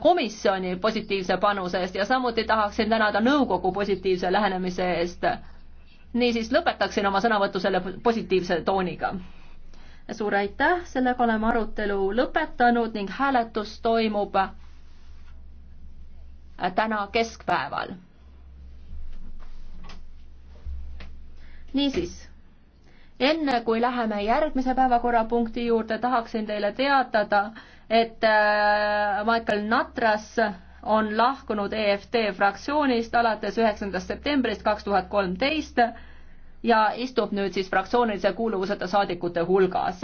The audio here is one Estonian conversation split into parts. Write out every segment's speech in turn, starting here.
komisjoni positiivse panuse eest ja samuti tahaksin tänada nõukogu positiivse lähenemise eest. niisiis lõpetaksin oma sõnavõtu selle positiivse tooniga. suur aitäh, sellega oleme arutelu lõpetanud ning hääletus toimub täna keskpäeval. niisiis, enne kui läheme järgmise päevakorrapunkti juurde, tahaksin teile teatada, et äh, Michael Natras on lahkunud EFT fraktsioonist alates üheksandast septembrist kaks tuhat kolmteist ja istub nüüd siis fraktsioonilise kuuluvuseta saadikute hulgas.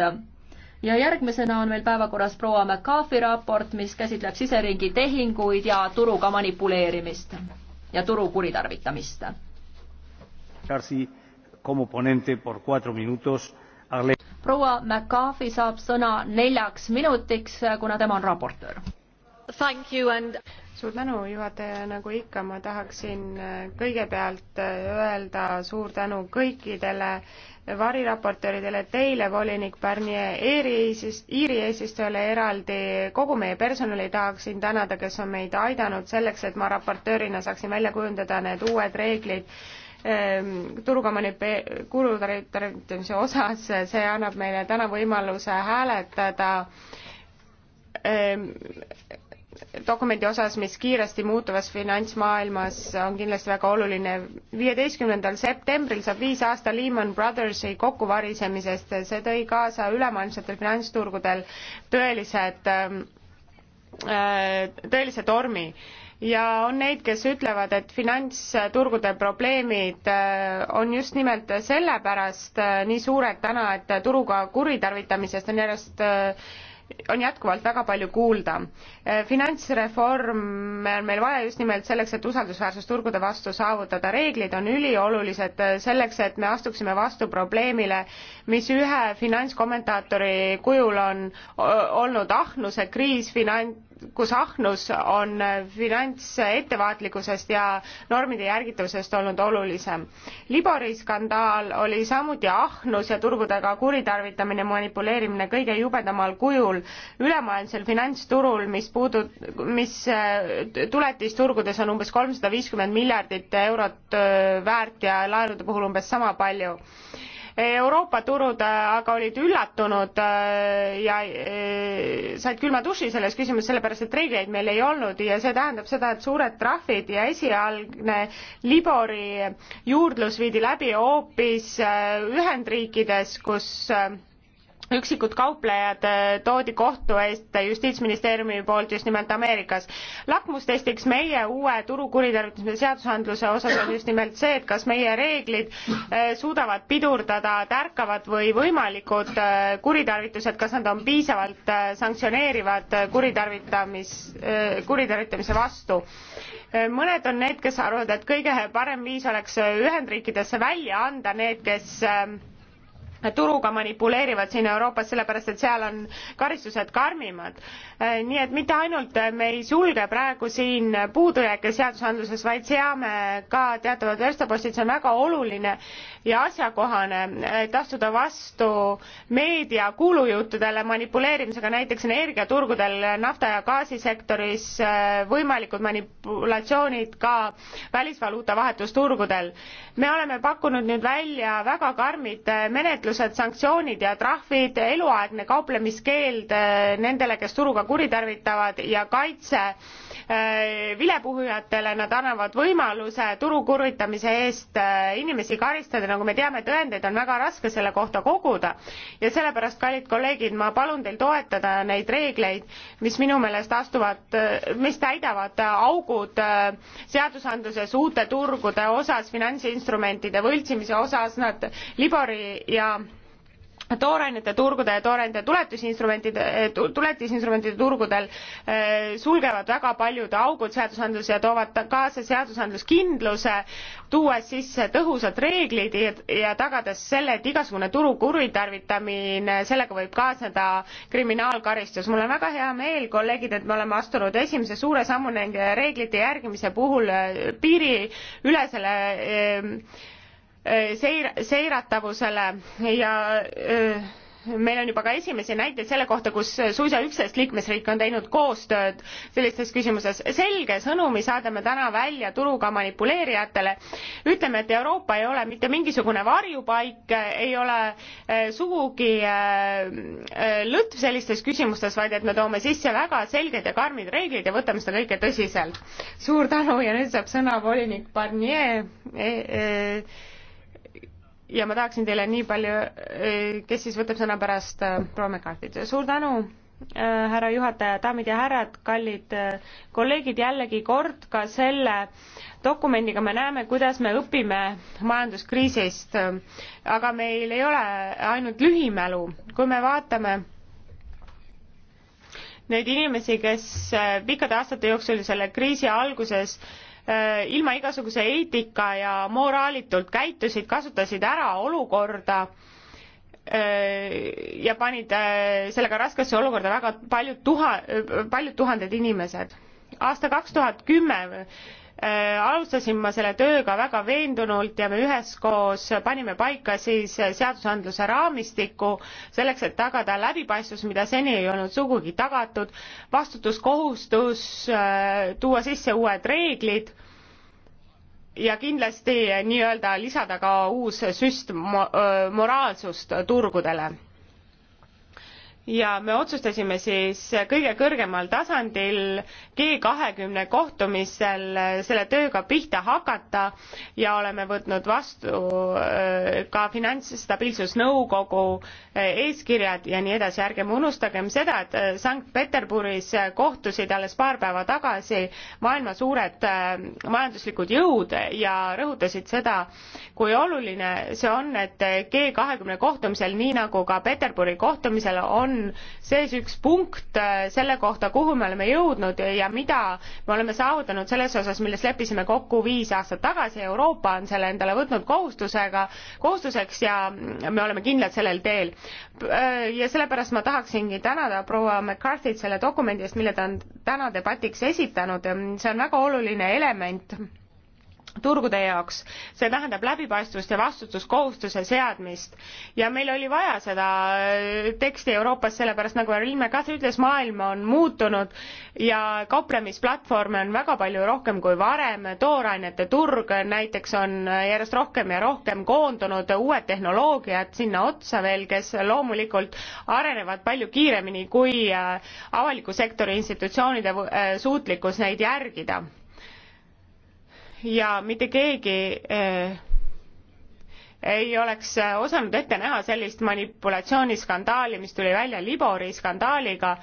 ja järgmisena on meil päevakorras proua McCarthy raport, mis käsitleb siseringi tehinguid ja turuga manipuleerimist ja turu kuritarvitamist. Como ponente por cuatro minutos proua McCarthy saab sõna neljaks minutiks, kuna tema on raportöör. And... suur tänu, juhataja, nagu ikka, ma tahaksin äh, kõigepealt äh, öelda suur tänu kõikidele variraportööridele, teile, volinik Pärnie, Iiri eesistujale eraldi, kogu meie personali tahaksin tänada, kes on meid aidanud selleks, et ma raportöörina saaksin välja kujundada need uued reeglid Ehm, turukommunikatsiooni kulutarvitamise osas, see annab meile täna võimaluse hääletada ehm, dokumendi osas, mis kiiresti muutuvas finantsmaailmas on kindlasti väga oluline. viieteistkümnendal septembril saab viis aasta Lehman Brothersi kokkuvarisemisest, see tõi kaasa ülemaailmsetel finantsturgudel tõelised, ehm, tõelise tormi ja on neid, kes ütlevad, et finantsturgude probleemid äh, on just nimelt sellepärast äh, nii suured täna, et turuga kuritarvitamisest on järjest äh, on jätkuvalt väga palju kuulda. finantsreforme on meil vaja just nimelt selleks, et usaldusväärsus turgude vastu saavutada. reeglid on üliolulised selleks, et me astuksime vastu probleemile, mis ühe finantskommentaatori kujul on olnud ahnuse kriis finan-, kus ahnus on finantsettevaatlikkusest ja normide järgitavusest olnud olulisem. Libori skandaal oli samuti ahnus ja turgudega kuritarvitamine, manipuleerimine kõige jubedamal kujul ülemaailmsel finantsturul, mis puudu-, mis äh, tuletisturgudes on umbes kolmsada viiskümmend miljardit eurot äh, väärt ja laenude puhul umbes sama palju Euroopa turud äh, aga olid üllatunud äh, ja äh, said külma duši selles küsimuses, sellepärast et reegleid meil ei olnud ja see tähendab seda, et suured trahvid ja esialgne Libori juurdlus viidi läbi hoopis Ühendriikides, kus üksikud kauplejad äh, toodi kohtu ette justiitsministeeriumi poolt just nimelt Ameerikas. lakmustestiks meie uue turu kuritarvitamise seadusandluse osas on just nimelt see, et kas meie reeglid äh, suudavad pidurdada tärkavad või võimalikud äh, kuritarvitused, kas nad on piisavalt sanktsioneerivad kuritarvitamis, kuritarvitamise vastu mõned on need, kes arvavad, et kõige parem viis oleks Ühendriikidesse välja anda need, kes turuga manipuleerivad siin Euroopas, sellepärast et seal on karistused karmimad. Äh, nii et mitte ainult me ei sulge praegu siin puudujääke seadusandluses, vaid seame ka teatavad verstapostid, see on väga oluline ja asjakohane, et astuda vastu meedia kuulujuttudele manipuleerimisega, näiteks energiaturgudel, nafta- ja gaasisektoris äh, võimalikud manipulatsioonid ka välisvaluuta vahetusturgudel. me oleme pakkunud nüüd välja väga karmid äh, menetlused, keelused, sanktsioonid ja trahvid, eluaegne kauplemiskeeld äh, nendele, kes turuga kuritarvitavad ja kaitse äh, vilepuhujatele, nad annavad võimaluse turu kurvitamise eest äh, inimesi karistada, nagu me teame, tõendeid on väga raske selle kohta koguda ja sellepärast, kallid kolleegid, ma palun teil toetada neid reegleid, mis minu meelest astuvad, mis täidavad augud seadusandluses uute turgude osas, finantsinstrumentide võltsimise osas, nad Libori ja toorainete turgude ja toorainete tuletisinstrumentide, tuletisinstrumentide turgudel eh, sulgevad väga paljud augud seadusandlus ja toovad kaasa seadusandluskindluse, tuues sisse tõhusad reeglid ja tagades selle, et igasugune turu kuritarvitamine, sellega võib kaasneda kriminaalkaristus. mul on väga hea meel, kolleegid, et me oleme astunud esimese suure sammu nende reeglite järgimise puhul eh, piiriülesele eh, Äh, seir-, seiratavusele ja öö, äh, meil on juba ka esimesi näiteid selle kohta, kus suisa üksteist liikmesriiki on teinud koostööd sellistes küsimuses. selge sõnumi saadame täna välja turuga manipuleerijatele. ütleme, et Euroopa ei ole mitte mingisugune varjupaik, ei ole äh, sugugi lõtv sellistes küsimustes, vaid et me toome sisse väga selged ja karmid reeglid ja võtame seda kõike tõsiselt. suur tänu ja nüüd saab sõna volinik Barnier e. E ja ma tahaksin teile nii palju, eh, kes siis võtab sõna pärast eh, proua McCarthy't, suur tänu, eh, härra juhataja, daamid ja härrad, kallid kolleegid, jällegi kord ka selle dokumendiga me näeme, kuidas me õpime majanduskriisist. aga meil ei ole ainult lühimälu, kui me vaatame neid inimesi, kes pikkade aastate jooksul selle kriisi alguses äh, Äh, ilma igasuguse eetika ja moraalitult käitusid, kasutasid ära olukorda äh, ja panid äh, sellega raskesse olukorda väga paljud tuha-, paljud tuhanded inimesed. aasta kaks tuhat kümme Äh, alustasin ma selle tööga väga veendunult ja me üheskoos panime paika siis seadusandluse raamistiku selleks, et tagada läbipaistvus, mida seni ei olnud sugugi tagatud, vastutuskohustus, äh, tuua sisse uued reeglid ja kindlasti äh, nii-öelda lisada ka uus süst moraalsust turgudele ja me otsustasime siis kõige kõrgemal tasandil G kahekümne kohtumisel selle tööga pihta hakata ja oleme võtnud vastu äh, ka finantsstabiilsusnõukogu äh, eeskirjad ja nii edasi. ärgem unustagem seda, et äh, Sankt-Peterburis kohtusid alles paar päeva tagasi maailma suured majanduslikud jõud ja rõhutasid seda, kui oluline see on, et G kahekümne kohtumisel, nii nagu ka Peterburi kohtumisel on on sees üks punkt äh, selle kohta, kuhu me oleme jõudnud ja mida me oleme saavutanud selles osas, milles leppisime kokku viis aastat tagasi. Euroopa on selle endale võtnud kohustusega, kohustuseks ja me oleme kindlad sellel teel. Äh, ja sellepärast ma tahaksingi tänada proua McCarthy't selle dokumendi eest, mille ta on täna debatiks esitanud. see on väga oluline element turgude jaoks, see tähendab läbipaistvust ja vastutuskohustuse seadmist ja meil oli vaja seda äh, teksti Euroopas, sellepärast nagu Riime ka ütles, maailm on muutunud ja kauplemisplatvorme on väga palju rohkem kui varem, toorainete turg näiteks on järjest rohkem ja rohkem koondunud, uued tehnoloogiad sinna otsa veel, kes loomulikult arenevad palju kiiremini kui äh, avaliku sektori institutsioonide äh, suutlikkus neid järgida ja mitte keegi eh, ei oleks eh, osanud ette näha sellist manipulatsiooni skandaali mis tuli välja libori skandaaliga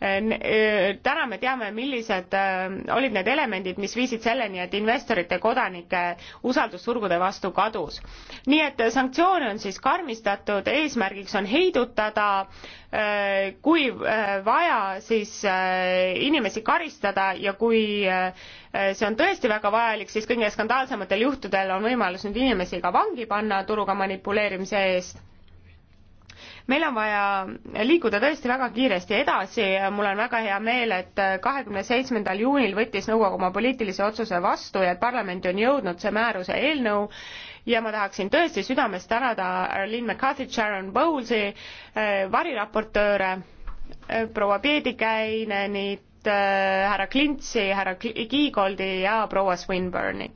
täna me teame, millised olid need elemendid, mis viisid selleni, et investorite, kodanike usaldus turgude vastu kadus. nii et sanktsioone on siis karmistatud, eesmärgiks on heidutada, kui vaja, siis inimesi karistada ja kui see on tõesti väga vajalik, siis kõige skandaalsematel juhtudel on võimalus nüüd inimesi ka vangi panna turuga manipuleerimise eest meil on vaja liikuda tõesti väga kiiresti edasi ja mul on väga hea meel, et kahekümne seitsmendal juunil võttis nõukogu oma poliitilise otsuse vastu ja et parlamenti on jõudnud see määruse eelnõu ja ma tahaksin tõesti südamest tänada Arlene McCarthy't, Sharon Bowles'i, eh, variraportööre, eh, proua Piedikäinenit, eh, härra Klintsi, härra Kiigoldi ja proua Swinburne'i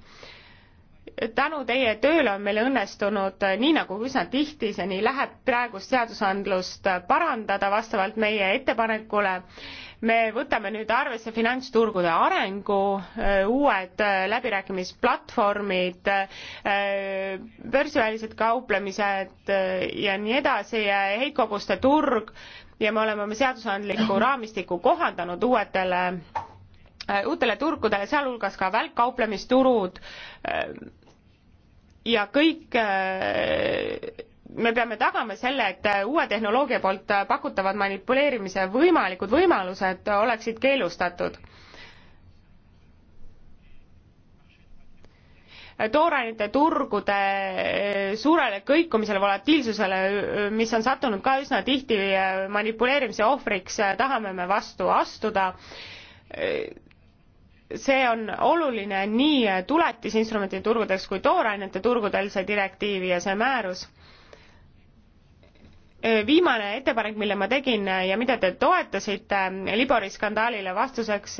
tänu teie tööle on meil õnnestunud eh, nii nagu üsna tihti see nii läheb, praegust seadusandlust eh, parandada vastavalt meie ettepanekule. me võtame nüüd arvesse finantsturgude arengu, eh, uued läbirääkimisplatvormid, börsivälised kauplemised ja nii edasi, heitkoguste turg ja me oleme oma seadusandliku raamistiku kohandanud uuetele uutele turgudele, sealhulgas ka välkkauplemisturud ja kõik äh, me peame tagama selle, et äh, uue tehnoloogia poolt äh, pakutavad manipuleerimise võimalikud võimalused oleksid keelustatud. toorainete turgude suurele kõikumisele, volatiilsusele, mis on sattunud ka üsna tihti manipuleerimise ohvriks, tahame me vastu astuda see on oluline nii tuletisinstrumentide turgudeks kui toorainete turgudel, see direktiiv ja see määrus. viimane ettepanek, mille ma tegin ja mida te toetasite Libori skandaalile vastuseks,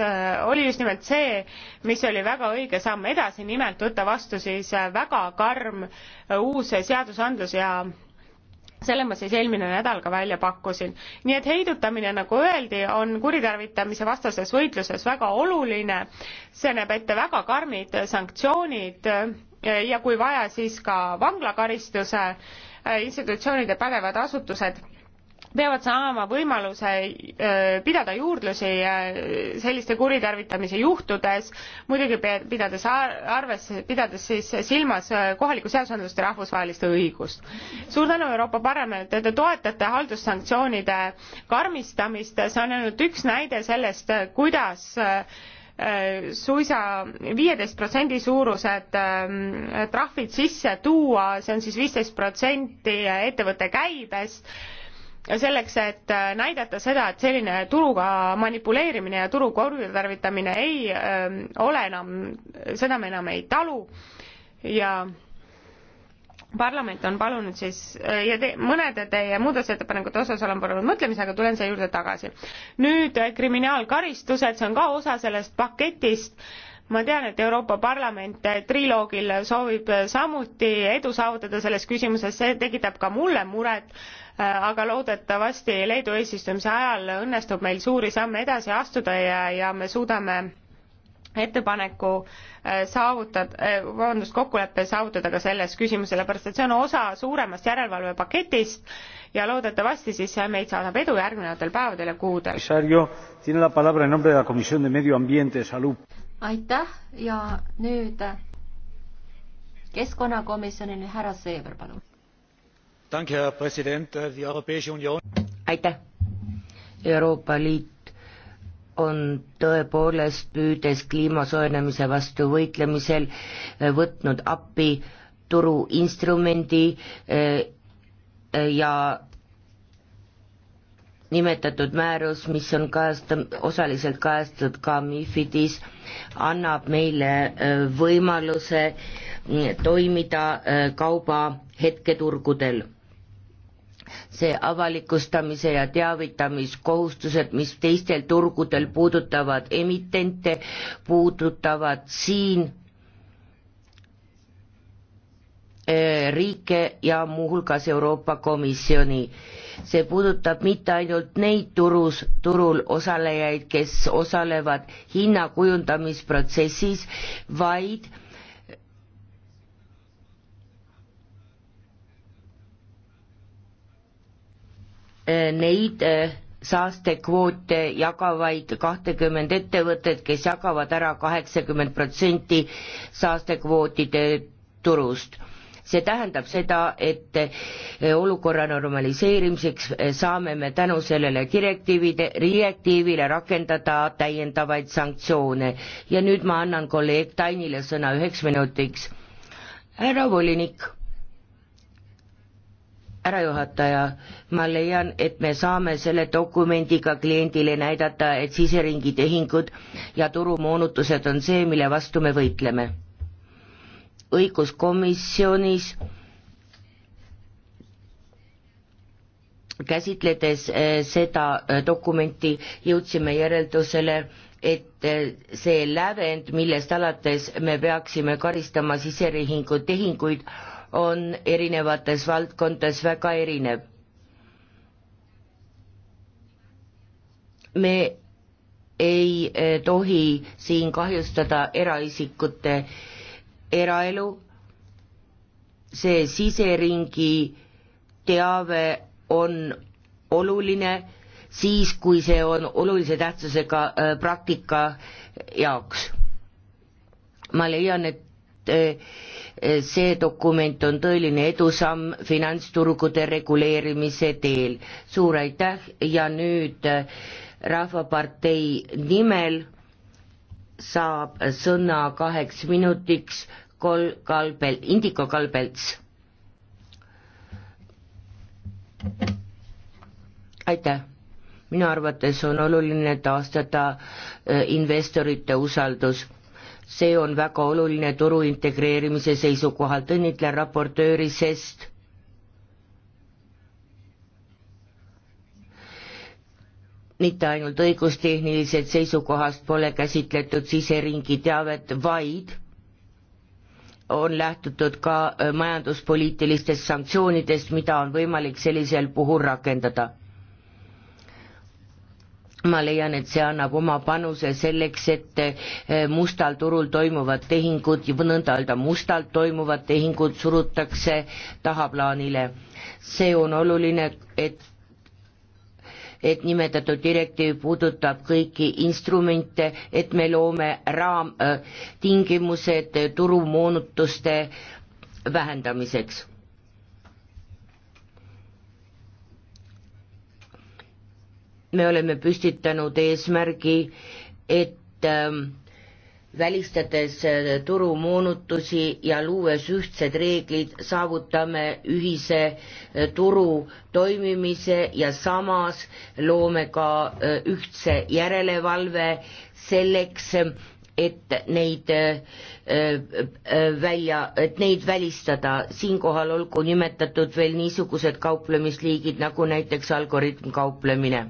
oli just nimelt see, mis oli väga õige samm edasi, nimelt võtta vastu siis väga karm uus seadusandlus ja selle ma siis eelmine nädal ka välja pakkusin. nii et heidutamine, nagu öeldi, on kuritarvitamise vastases võitluses väga oluline, see näeb ette väga karmid sanktsioonid ja kui vaja, siis ka vanglakaristuse institutsioonide pädevad asutused peavad saama võimaluse äh, pidada juurdlusi äh, selliste kuritarvitamise juhtudes, muidugi pidades arvesse, pidades siis silmas äh, kohalikku seadusandlust ja rahvusvahelist õigust. suur tänu, Euroopa Parlament, te toetate haldussanktsioonide karmistamist, see on ainult üks näide sellest, kuidas suisa viieteist protsendi suurused trahvid sisse tuua, see on siis viisteist protsenti ettevõtte käibest selleks, et äh, näidata seda, et selline turuga manipuleerimine ja turu korvitarvitamine ei öö, ähm, ole enam, seda me enam ei talu ja parlament on palunud siis äh, ja te, mõnede teie muudatusettepanekute osas olen palunud mõtlemisega, tulen selle juurde tagasi. nüüd äh, kriminaalkaristused, see on ka osa sellest paketist ma tean, et Euroopa Parlament triloogil soovib samuti edu saavutada selles küsimuses, see tekitab ka mulle muret, aga loodetavasti Leedu eesistumise ajal õnnestub meil suuri samme edasi astuda ja, ja me suudame ettepaneku äh, saavutada, äh, vabandust, kokkuleppe saavutada ka selles küsimuses, sellepärast et see on osa suuremast järelevalvepaketist ja loodetavasti siis meid saadab edu järgnevatel päevadel ja kuudel aitäh ja nüüd keskkonnakomisjonile härra Seeber, palun. aitäh. Euroopa Liit on tõepoolest püüdes kliima soojenemise vastu võitlemisel eh, võtnud appi turuinstrumendi eh, eh, ja nimetatud määrus, mis on kajasta-, osaliselt kajastatud ka MIFIDis, annab meile äh, võimaluse mm, toimida äh, kauba hetketurgudel. see avalikustamise ja teavitamiskohustused, mis teistel turgudel puudutavad emitente, puudutavad siin Eh, riike ja muuhulgas Euroopa Komisjoni. see puudutab mitte ainult neid turus, turul osalejaid, kes osalevad hinna kujundamisprotsessis, vaid eh, neid eh, saastekvoote jagavaid kahtekümmend ettevõtet, kes jagavad ära kaheksakümmend protsenti saastekvootide turust see tähendab seda, et eh, olukorra normaliseerimiseks eh, saame me tänu sellele direktiivide, direktiivile rakendada täiendavaid sanktsioone. ja nüüd ma annan kolleeg Tainile sõna üheks minutiks. härra volinik härra juhataja, ma leian, et me saame selle dokumendiga kliendile näidata, et siseringi tehingud ja turumoonutused on see, mille vastu me võitleme õiguskomisjonis käsitledes eh, seda eh, dokumenti jõudsime järeldusele, et eh, see lävend, millest alates me peaksime karistama siseriihingu tehinguid, on erinevates valdkondades väga erinev. me ei tohi siin kahjustada eraisikute eraelu, see siseringi teave on oluline siis, kui see on olulise tähtsusega äh, praktika jaoks. ma leian, et äh, see dokument on tõeline edusamm finantsturgude reguleerimise teel. suur aitäh ja nüüd äh, Rahvapartei nimel saab sõna kaheks minutiks kol-, kalbel, Indiko kalbelts. aitäh, minu arvates on oluline taastada äh, investorite usaldus see on väga oluline turu integreerimise seisukohalt, õnnitlen raportööri, sest mitte ainult õigustehnilisest seisukohast pole käsitletud siseringi teavet, vaid on lähtutud ka äh, majanduspoliitilistest sanktsioonidest, mida on võimalik sellisel puhul rakendada. ma leian, et see annab oma panuse selleks, et äh, mustal turul toimuvad tehingud, nõnda öelda mustalt toimuvad tehingud surutakse tahaplaanile. see on oluline, et et nimetatud direktiiv puudutab kõiki instrumente, et me loome raamtingimused äh, turumoonutuste vähendamiseks. me oleme püstitanud eesmärgi, et ähm, välistades äh, turumoonutusi ja luues ühtsed reeglid, saavutame ühise äh, turu toimimise ja samas loome ka äh, ühtse järelevalve selleks, et neid välja, et neid välistada, siinkohal olgu nimetatud veel niisugused kauplemisliigid nagu näiteks algoritmkauplemine.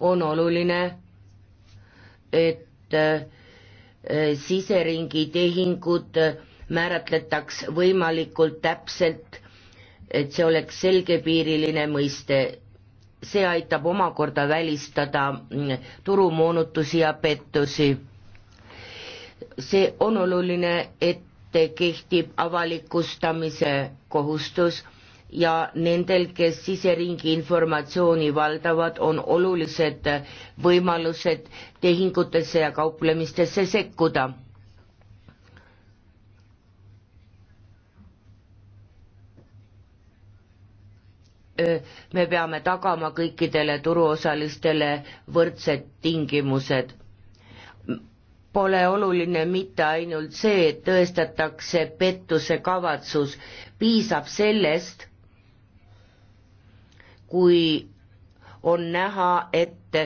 on oluline, et Eh, siseringi tehingud määratletaks võimalikult täpselt, et see oleks selgepiiriline mõiste. see aitab omakorda välistada mm, turumoonutusi ja pettusi. see on oluline, et kehtib avalikustamise kohustus ja nendel, kes siseringi informatsiooni valdavad, on olulised võimalused tehingutesse ja kauplemistesse sekkuda. me peame tagama kõikidele turuosalistele võrdsed tingimused pole oluline mitte ainult see, et tõestatakse pettuse kavatsus, piisab sellest, kui on näha, et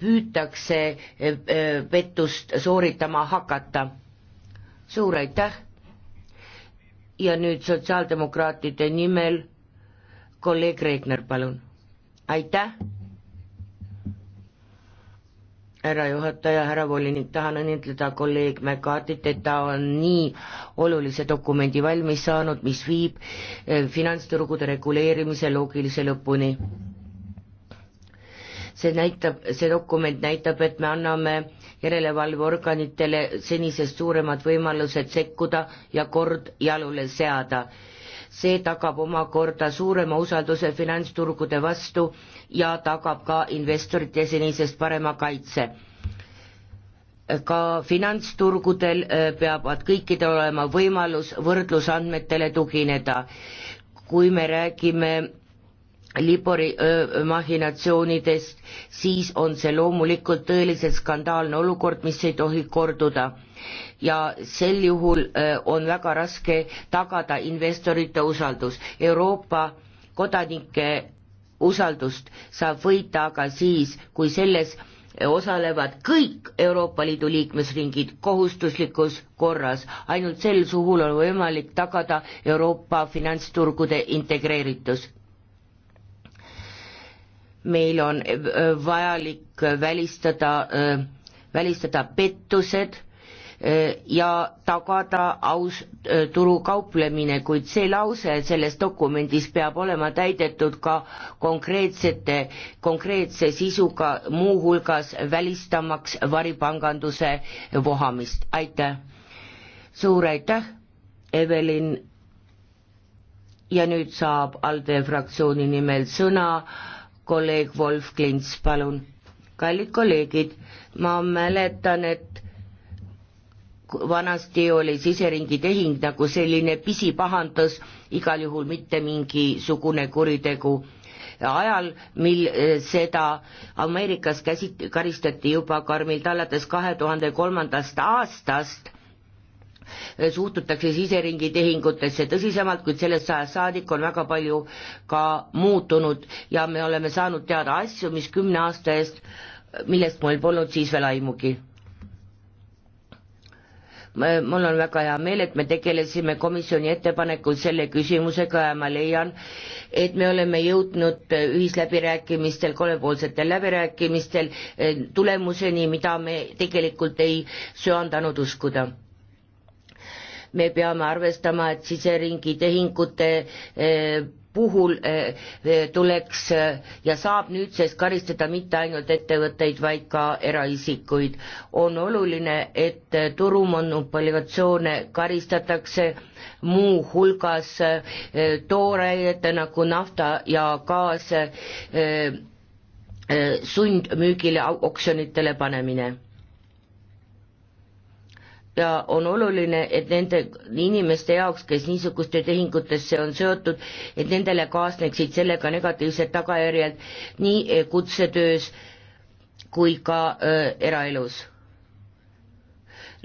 püütakse eh, eh, pettust sooritama hakata. suur aitäh! ja nüüd sotsiaaldemokraatide nimel kolleeg Reegner, palun. aitäh! härra juhataja, härra volinik, tahan õnnitleda kolleeg McCartit, et ta on nii olulise dokumendi valmis saanud, mis viib eh, finantsturgude reguleerimise loogilise lõpuni. see näitab, see dokument näitab, et me anname järelevalveorganitele senisest suuremad võimalused sekkuda ja kord jalule seada see tagab omakorda suurema usalduse finantsturgude vastu ja tagab ka investorite senisest parema kaitse. ka finantsturgudel äh, peavad kõikidel olema võimalus võrdlusandmetele tugineda. kui me räägime Libori öö, äh, mahinatsioonidest, siis on see loomulikult tõeliselt skandaalne olukord, mis ei tohi korduda ja sel juhul äh, on väga raske tagada investorite usaldus. Euroopa kodanike usaldust saab võita aga siis, kui selles äh, osalevad kõik Euroopa Liidu liikmesringid kohustuslikus korras, ainult sel suhul on võimalik tagada Euroopa finantsturgude integreeritus. meil on äh, vajalik välistada, välistada pettused Äh, ja tagada aus äh, turu kauplemine, kuid see lause selles dokumendis peab olema täidetud ka konkreetsete, konkreetse sisuga, muuhulgas välistamaks varipanganduse vohamist, aitäh. suur aitäh, Evelin. ja nüüd saab ALDE fraktsiooni nimel sõna kolleeg Wolf Klints, palun. kallid kolleegid, ma mäletan, et vanasti oli siseringi tehing nagu selline pisipahandus, igal juhul mitte mingisugune kuritegu. ajal, mil eh, seda Ameerikas käsit-, karistati juba karmilt alates kahe tuhande kolmandast aastast, eh, suhtutakse siseringi tehingutesse tõsisemalt, kuid sellest ajast saadik on väga palju ka muutunud ja me oleme saanud teada asju, mis kümne aasta eest, millest meil polnud siis veel aimugi mul on väga hea meel, et me tegelesime komisjoni ettepanekul selle küsimusega ja ma leian, et me oleme jõudnud äh, ühisläbirääkimistel, kolmepoolsetel läbirääkimistel äh, tulemuseni, mida me tegelikult ei söandanud uskuda me peame arvestama, et siseringi tehingute äh, puhul eh, eh, tuleks eh, ja saab nüüdsest karistada mitte ainult ettevõtteid, vaid ka eraisikuid. on oluline, et turumonopoligatsioone karistatakse muuhulgas toorainete nagu nafta ja gaas sundmüügile oksjonitele panemine ja on oluline, et nende inimeste jaoks, kes niisuguste tehingutesse on seotud, et nendele kaasneksid sellega negatiivsed tagajärjed nii eh, kutsetöös kui ka öö, eh, eraelus.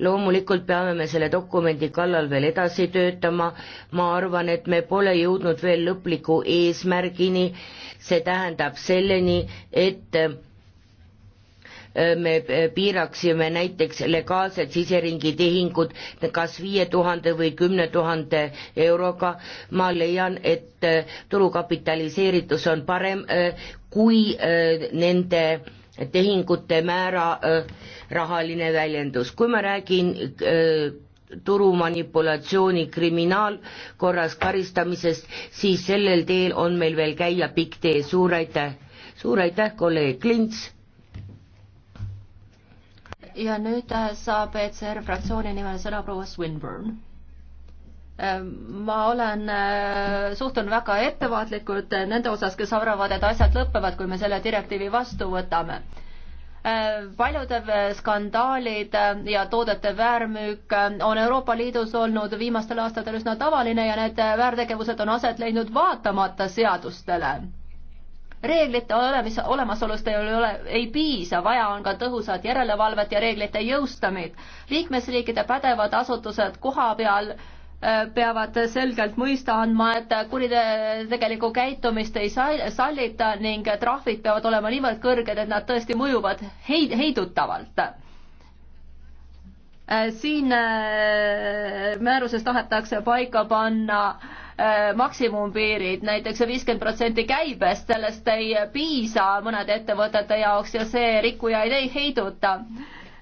loomulikult peame me selle dokumendi kallal veel edasi töötama, ma arvan, et me pole jõudnud veel lõpliku eesmärgini, see tähendab selleni, et öö, eh, Äh, me äh, piiraksime näiteks legaalsed siseringi tehingud kas viie tuhande või kümne tuhande euroga, ma leian, et äh, turu kapitaliseeritus on parem kui nende tehingute määra rahaline väljendus. kui ma räägin turumanipulatsiooni kriminaalkorras karistamisest, siis sellel teel on meil veel käia pikk tee, suur aitäh! suur aitäh, kolleeg Klints! ja nüüd äh, saab ECR fraktsiooni nimel sõna proua Swinburne. Ähm, ma olen, äh, suhtun väga ettevaatlikult äh, nende osas, kes arvavad, et asjad lõpevad, kui me selle direktiivi vastu võtame paljud skandaalid ja toodete väärmüük on Euroopa Liidus olnud viimastel aastatel üsna tavaline ja need väärtegevused on aset leidnud vaatamata seadustele reeglite olemis, olemasolust ei ole, ei piisa, vaja on ka tõhusat järelevalvet ja reeglite jõustamist. liikmesriikide pädevad asutused koha peal äh, peavad selgelt mõista andma, et kuritegelikku käitumist ei sallita ning trahvid peavad olema niivõrd kõrged, et nad tõesti mõjuvad heid-, heidutavalt. Äh, siin äh, määruses tahetakse paika panna Äh, maksimumpiirid, näiteks viiskümmend protsenti käibest, sellest ei piisa mõnede ettevõtete jaoks ja see rikkujaid ei heiduta.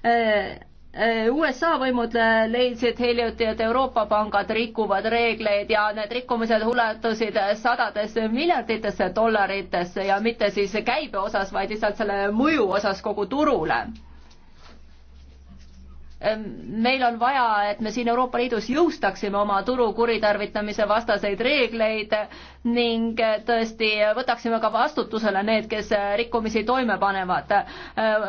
Äh, äh, USA võimud leidsid hiljuti, et Euroopa pangad rikuvad reegleid ja need rikkumised ulatusid sadadesse miljarditesse dollaritesse ja mitte siis käibe osas, vaid lihtsalt selle mõju osas kogu turule meil on vaja, et me siin Euroopa Liidus jõustaksime oma turu kuritarvitamise vastaseid reegleid ning eh, tõesti võtaksime ka vastutusele need, kes eh, rikkumisi toime panevad.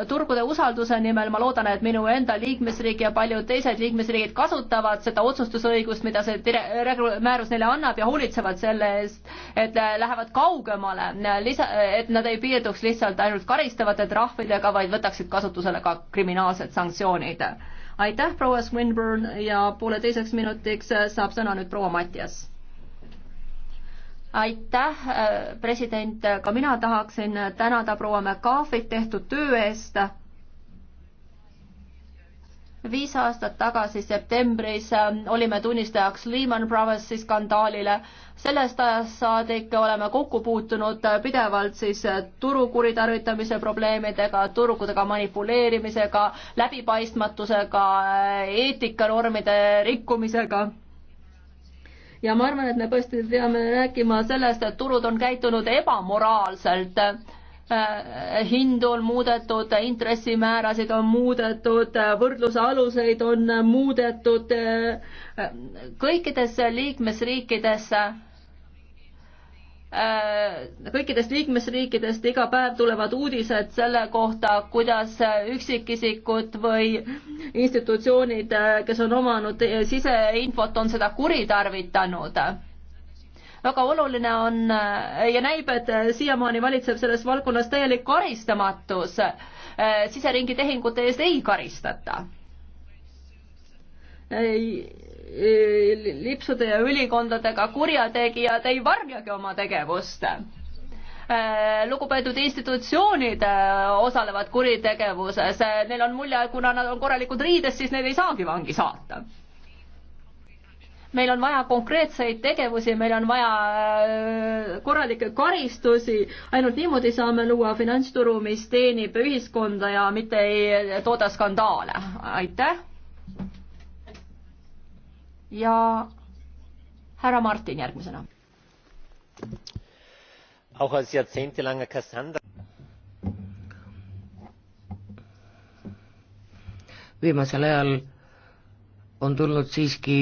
turgude usalduse nimel ma loodan, et minu enda liikmesriik ja paljud teised liikmesriigid kasutavad seda otsustusõigust, mida see dire-, määrus neile annab ja hoolitsevad selle eest, et eh, lähevad kaugemale, lisa, et nad ei piirduks lihtsalt ainult karistavate trahvidega, vaid võtaksid kasutusele ka kriminaalsed sanktsioonid aitäh, proua Swinburne ja pooleteiseks minutiks saab sõna nüüd proua Mattias. aitäh, äh, president, ka mina tahaksin tänada proua McCarthy't tehtud töö eest viis aastat tagasi septembris ähm, olime tunnistajaks Lehman Brothersi skandaalile. sellest ajast saadik oleme kokku puutunud äh, pidevalt siis äh, turu kuritarvitamise probleemidega, turgudega manipuleerimisega, läbipaistmatusega, äh, eetikanormide rikkumisega ja ma arvan, et me tõesti peame rääkima sellest, et turud on käitunud ebamoraalselt Äh, hindu on muudetud, intressimäärasid on muudetud, võrdlusaluseid on muudetud äh, kõikides liikmesriikides äh, kõikidest liikmesriikidest iga päev tulevad uudised selle kohta, kuidas üksikisikud või institutsioonid, kes on omanud siseinfot, on seda kuritarvitanud väga oluline on ja näib, et siiamaani valitseb selles valdkonnas täielik karistamatus. siseringi tehingute eest ei karistata. lipsude ja ülikondadega kurjategijad ei varjagi oma tegevust lugupeetud institutsioonid äh, osalevad kuritegevuses, neil on mulje, kuna nad on korralikud riides, siis neid ei saagi vangi saata meil on vaja konkreetseid tegevusi, meil on vaja äh, korralikke karistusi, ainult niimoodi saame luua finantsturu, mis teenib ühiskonda ja mitte ei tooda skandaale, aitäh. ja härra Martin järgmisena. auch als jahrzehntelanger Cassandra viimasel ajal on tulnud siiski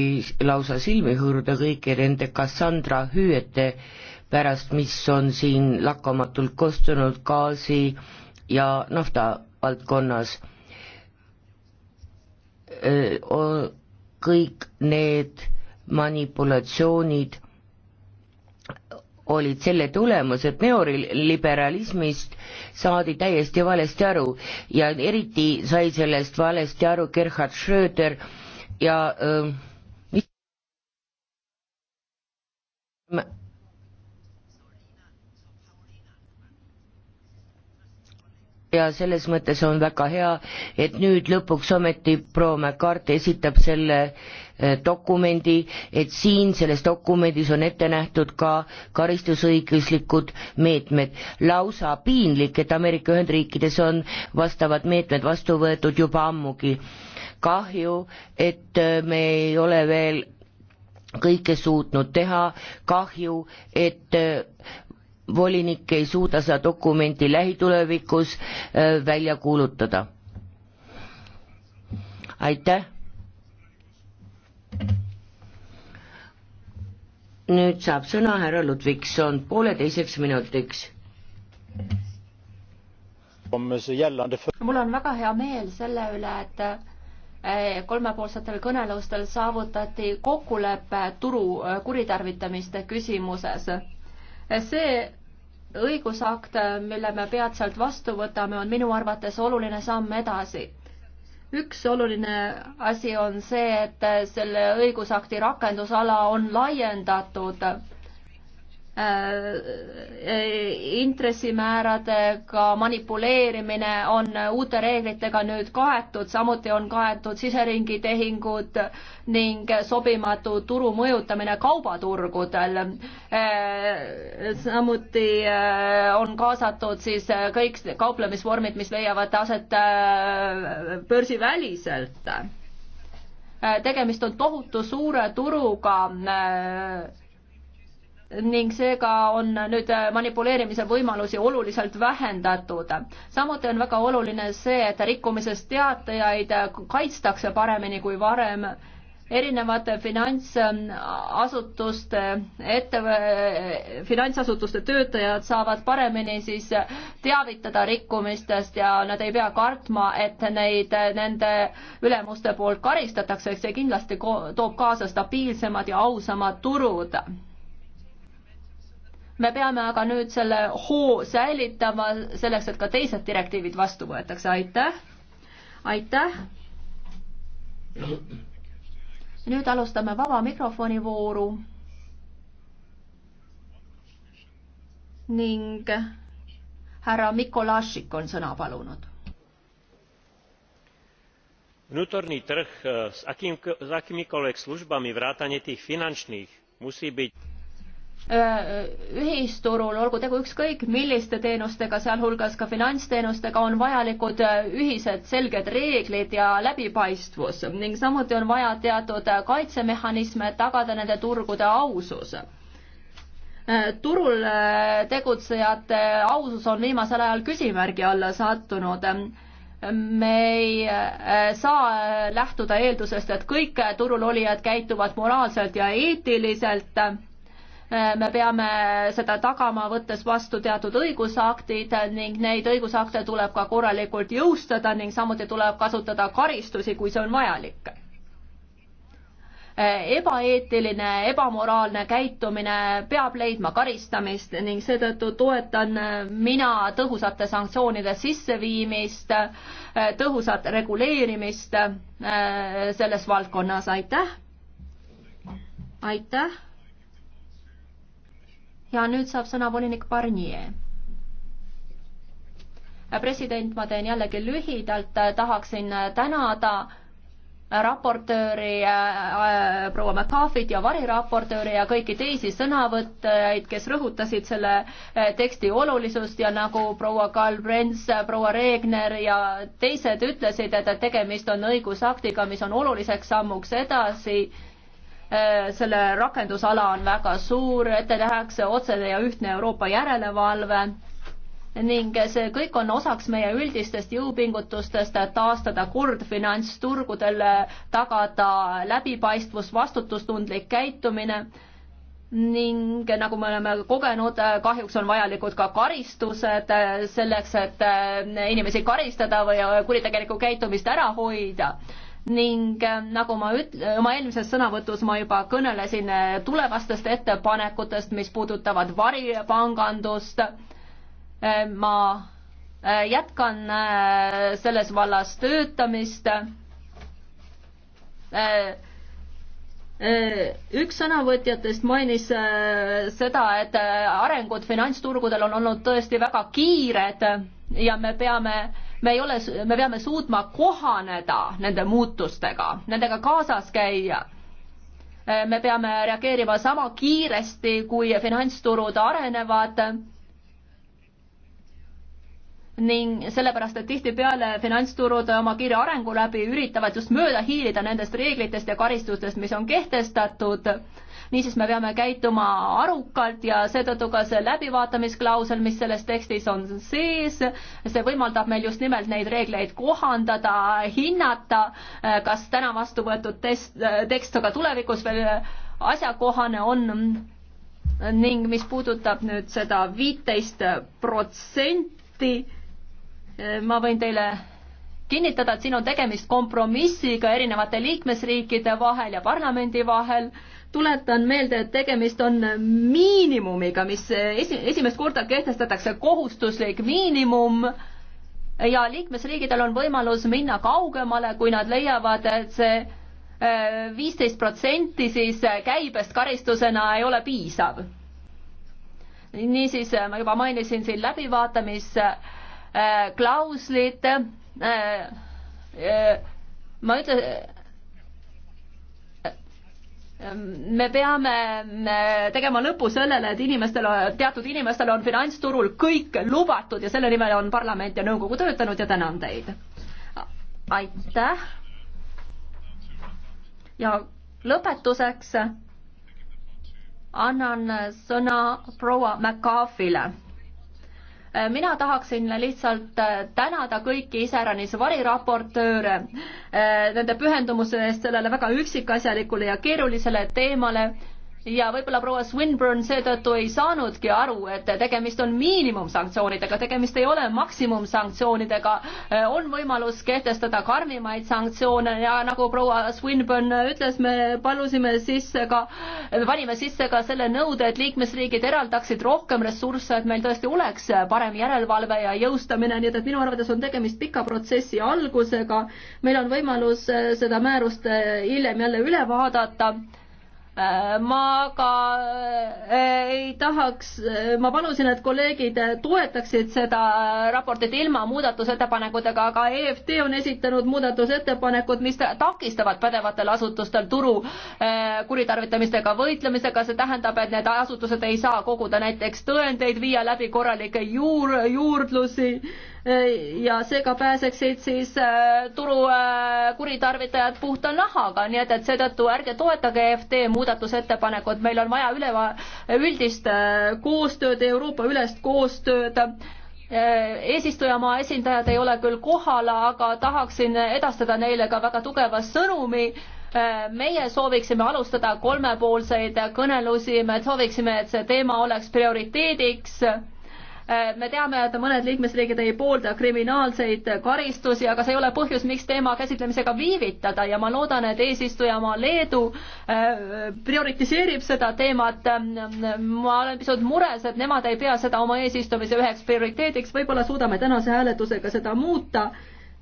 lausa silmihõõrude kõiki nende Cassandra hüüete pärast, mis on siin lakkamatult kostunud gaasi ja nafta valdkonnas. kõik need manipulatsioonid olid selle tulemus, et neoliberalismist saadi täiesti valesti aru ja eriti sai sellest valesti aru Gerhard Schröder, ja öö, ehm, ja selles mõttes on väga hea, et nüüd lõpuks ometi proua McCarthy esitab selle Eh, dokumendi, et siin selles dokumendis on ette nähtud ka karistusõiguslikud meetmed. lausa piinlik, et Ameerika Ühendriikides on vastavad meetmed vastu võetud juba ammugi. kahju, et eh, me ei ole veel kõike suutnud teha, kahju, et eh, volinik ei suuda seda dokumenti lähitulevikus välja kuulutada. aitäh! nüüd saab sõna härra Ludvikson pooleteiseks minutiks. mul on väga hea meel selle üle, et eh, kolmepoolsetel kõnelustel saavutati kokkulepe turu eh, kuritarvitamiste küsimuses. see õigusakt, eh, mille me peatselt vastu võtame, on minu arvates oluline samm edasi üks oluline asi on see, et selle õigusakti rakendusala on laiendatud Äh, äh, intressimääradega manipuleerimine on uute reeglitega nüüd kaetud, samuti on kaetud siseringi tehingud ning sobimatu turu mõjutamine kaubaturgudel. Äh, samuti on kaasatud siis kõik kauplemisvormid, mis leiavad aset börsiväliselt. tegemist on tohutu suure turuga ning seega on nüüd äh, manipuleerimise võimalusi oluliselt vähendatud. samuti on väga oluline see, et rikkumisest teatajaid äh, kaitstakse paremini kui varem erinevate finantsasutuste, ette, äh, finantsasutuste töötajad saavad paremini siis teavitada rikkumistest ja nad ei pea kartma, et neid nende ülemuste poolt karistatakse, see kindlasti toob kaasa stabiilsemad ja ausamad turud me peame aga nüüd selle hoo säilitama selleks, et ka teised direktiivid vastu võetakse, aitäh. aitäh. nüüd alustame vaba mikrofoni vooru. ning härra Mikolašik on sõna palunud vnútorný trh eh, s akýmikoľvek službami vrátane tých finančných musí byť ühisturul, olgu tegu ükskõik milliste teenustega, sealhulgas ka finantsteenustega, on vajalikud ühised selged reeglid ja läbipaistvus ning samuti on vaja teatud kaitsemehhanisme, et tagada nende turgude ausus turul tegutsejate ausus on viimasel ajal küsimärgi alla sattunud me ei saa lähtuda eeldusest, et kõik turul olijad käituvad moraalselt ja eetiliselt me peame seda tagama, võttes vastu teatud õigusaktid ning neid õigusakte tuleb ka korralikult jõustada ning samuti tuleb kasutada karistusi, kui see on vajalik. ebaeetiline, ebamoraalne käitumine peab leidma karistamist ning seetõttu toetan mina tõhusate sanktsioonide sisseviimist, tõhusat reguleerimist äh, selles valdkonnas, aitäh! aitäh! ja nüüd saab sõna volinik Barnier. Äh, president, ma teen jällegi lühidalt, äh, tahaksin äh, tänada raportööri äh, proua McCarthy't ja variraportööri ja kõiki teisi sõnavõtjaid, kes rõhutasid selle äh, teksti olulisust ja nagu proua Kalbrens, proua Regner ja teised ütlesid, et tegemist on õigusaktiga, mis on oluliseks sammuks edasi äh, Äh, selle rakendusala on väga suur, ette nähakse otsene ja ühtne Euroopa järelevalve ning see kõik on osaks meie üldistest jõupingutustest taastada kord finantsturgudele, tagada läbipaistvus, vastutustundlik käitumine ning nagu me oleme kogenud, kahjuks on vajalikud ka karistused selleks, et inimesi karistada või kuritegelikku käitumist ära hoida ning ähm, nagu ma üt-, oma eelmises sõnavõtus ma juba kõnelesin äh, tulevastest ettepanekutest, mis puudutavad varipangandust, äh, ma äh, jätkan selles vallas töötamist üks sõnavõtjatest mainis seda, et arengud finantsturgudel on olnud tõesti väga kiired ja me peame me ei ole, me peame suutma kohaneda nende muutustega, nendega kaasas käia me peame reageerima sama kiiresti, kui finantsturud arenevad. ning sellepärast, et tihtipeale finantsturud oma kiire arengu läbi üritavad just mööda hiilida nendest reeglitest ja karistustest, mis on kehtestatud niisiis me peame käituma arukalt ja seetõttu ka see läbivaatamisklausel, mis selles tekstis on sees, see võimaldab meil just nimelt neid reegleid kohandada, hinnata, eh, kas täna vastu võetud test, eh, tekst ka tulevikus veel asjakohane on ning mis puudutab nüüd seda viiteist protsenti, eh, ma võin teile kinnitada, et siin on tegemist kompromissiga erinevate liikmesriikide vahel ja parlamendi vahel. tuletan meelde, et tegemist on miinimumiga, mis esi-, esimest korda kehtestatakse kohustuslik miinimum ja liikmesriigidel on võimalus minna kaugemale, kui nad leiavad, et see äh, viisteist protsenti siis käibest karistusena ei ole piisav. niisiis, ma juba mainisin siin läbivaatamise äh, klauslit Äh, äh, ma ütlen, äh, me peame tegema lõpu sellele, et inimestel, teatud inimestel on finantsturul kõik lubatud ja selle nimel on parlament ja nõukogu töötanud ja tänan teid. aitäh. ja lõpetuseks annan sõna proua McCarthy'le Äh, mina tahaksin lihtsalt äh, tänada kõiki iseäranis variraportööre äh, nende pühendumuse eest sellele väga üksikasjalikule ja keerulisele teemale ja võib-olla proua Swinburne seetõttu ei saanudki aru, et tegemist on miinimumsanktsioonidega, tegemist ei ole maksimumsanktsioonidega. on võimalus kehtestada karmimaid sanktsioone ja nagu proua Swinburne ütles, me palusime sisse ka, panime sisse ka selle nõude, et liikmesriigid eraldaksid rohkem ressursse, et meil tõesti oleks parem järelevalve ja jõustamine, nii et, et minu arvates on tegemist pika protsessi algusega. meil on võimalus seda määrust hiljem jälle üle vaadata Äh, ma ka äh, ei tahaks, äh, ma palusin, et kolleegid toetaksid seda raportit ilma muudatusettepanekutega, aga EFT on esitanud muudatusettepanekud, mis takistavad pädevatel asutustel turu kuritarvitamistega võitlemisega, see tähendab, et need asutused ei saa koguda näiteks tõendeid, viia läbi korralikke juur, juurdlusi ja seega pääseksid siis äh, turu äh, kuritarvitajad puhta nahaga, nii et, et seetõttu ärge toetage EFT muudatusettepanekut, meil on vaja üleva, üldist äh, koostööd, Euroopa ülest koostööd. eesistujamaa esindajad ei ole küll kohal, aga tahaksin edastada neile ka väga tugeva sõnumi meie sooviksime alustada kolmepoolseid kõnelusi, me sooviksime, et see teema oleks prioriteediks Äh, me teame, et mõned liikmesriigid ei poolda kriminaalseid karistusi, aga see ei ole põhjus, miks teema käsitlemisega viivitada ja ma loodan, et eesistujamaa Leedu äh, prioritiseerib seda teemat. Ähm, ma olen pisut mures, et nemad ei pea seda oma eesistumise üheks prioriteediks, võib-olla suudame tänase hääletusega seda muuta.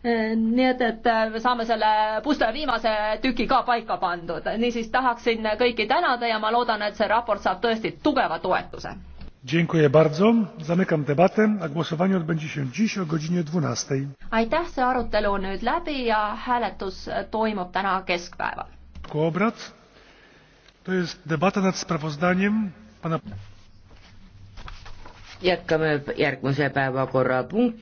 Äh, nii et, et saame selle puste viimase tüki ka paika pandud, niisiis tahaksin kõiki tänada ja ma loodan, et see raport saab tõesti tugeva toetuse Dziękuję bardzo. Zamykam debatę, a głosowanie odbędzie się dziś o godzinie 12. Aitäh, see arutelu on nüüd läbi ja hääletus toimub täna keskpäeval. Obrad. To jest debata nad sprawozdaniem pana... Jätkame järgmise päevakorrapunkti.